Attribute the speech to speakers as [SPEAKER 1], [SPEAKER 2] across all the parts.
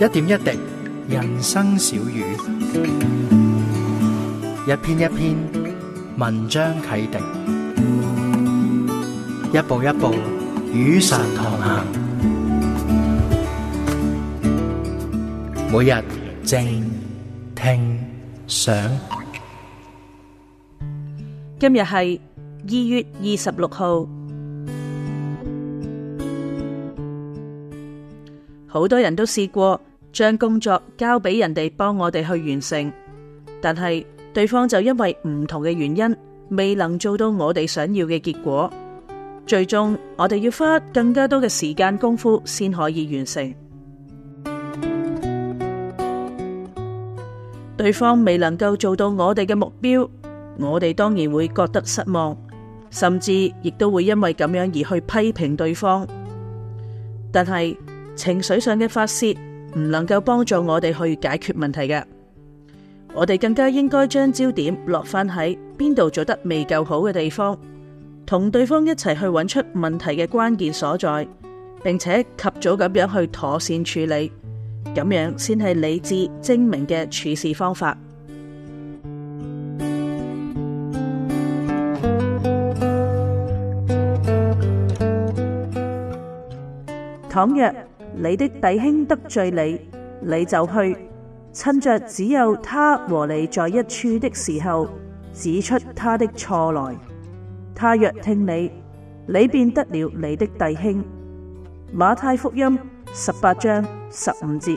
[SPEAKER 1] 一點一滴，人生小語；一篇一篇，文章啟迪；一步一步，雨傘同行。每日靜聽想，
[SPEAKER 2] 今日係二月二十六號。好多人都試過。將工作交俾人哋幫我哋去完成，但係對方就因為唔同嘅原因未能做到我哋想要嘅結果，最終我哋要花更加多嘅時間功夫先可以完成。對方未能夠做到我哋嘅目標，我哋當然會覺得失望，甚至亦都會因為咁樣而去批評對方。但係情緒上嘅發洩。唔能夠幫助我哋去解決問題嘅，我哋更加應該將焦點落翻喺邊度做得未夠好嘅地方，同對方一齊去揾出問題嘅關鍵所在，並且及早咁樣去妥善處理，咁樣先係理智精明嘅處事方法。倘若……你的弟兄得罪你，你就去，趁着只有他和你在一處的時候，指出他的錯來。他若聽你，你便得了你的弟兄。馬太福音十八章十五節。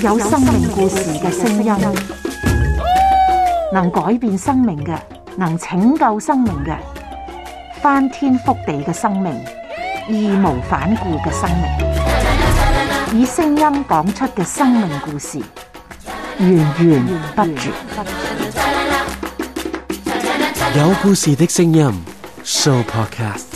[SPEAKER 2] 有生命故事嘅聲音，能改變生命嘅，能拯救生命嘅，翻天覆地嘅生命，義無反顧嘅生命，以聲音講出嘅生命故事，源源不絕。
[SPEAKER 1] 有故事嘅聲音，Sooo Podcast。